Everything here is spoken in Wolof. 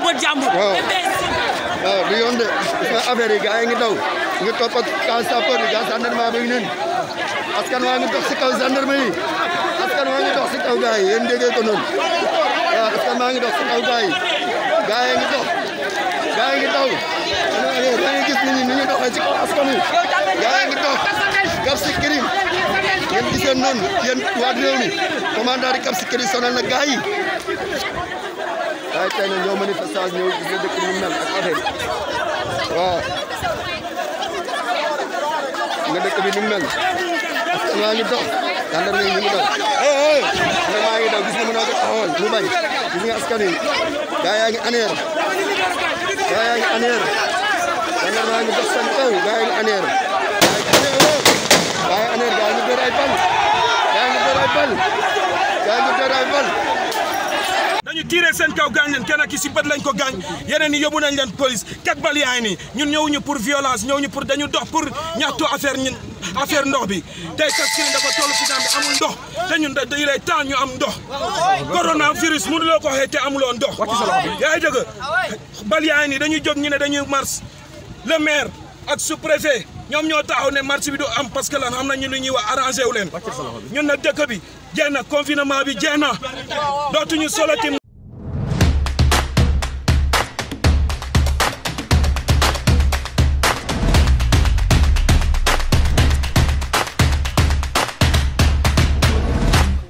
njaboot jàmbur. waaw du yoon de affaire yi gars yi ngi daw ngi topp ak kaw sapeur yi gars gendarmerie bi ngi nen askan waa ngi dox si kaw gendarmerie yi askan waa ngi dox si kaw gars yi yéen déggee ko noonu waaw askan waa ngi dox si kaw gars yi gars yi ngi dox gars yi ngi daw da ngay gis nit ñi ni ñu doxee ci kaw askan wi gars ngi dox gab si kër yi ngeen gisee noonu yéen waa na gars waaye tey nag ñoo manifestation ñëw gis nga dëkk mu mel ak affaire waaw nga dëkk bi ni mu mel parce que maa ngi dox daanaka ñu ngi dox man maa ngi daw gis nga mënoo ko taxawal mu bañ gis nga askan wi gaa yaa ngi aneer gaa yaa ngi aneer daanaka maa ngi dox seen kaw gaa yaa ngi aneer gaa yaa ngi aneer gaa ngi door ay bal gaa ngi door ay bal gaa ngi door ay bal ñu tiiree seen kaw gaañ leen kenn ki si bët lañ ko gaañ yeneen yi yóbbu nañ leen police kat bal yaay nii ñun ñëwuñu pour violence ñëwuñu pour dañu dox pour ñaxtu affaire ñun affaire ndox bi tey Kaffrine dafa tollu si daan bi amul ndox te ñun da day lay temps ñu am ndox coronavirus mënuloo ko waxee te amuloo ndox dëgg bal yaay nii dañuy jóg ñu ne dañuy mars le maire ak sous-préfet ñoom ñoo taxaw ne marché bi du am parce que lan am na ñu lu ñuy wax arrangé wu leen ñun nag dëkk bi jeex na bi jeex na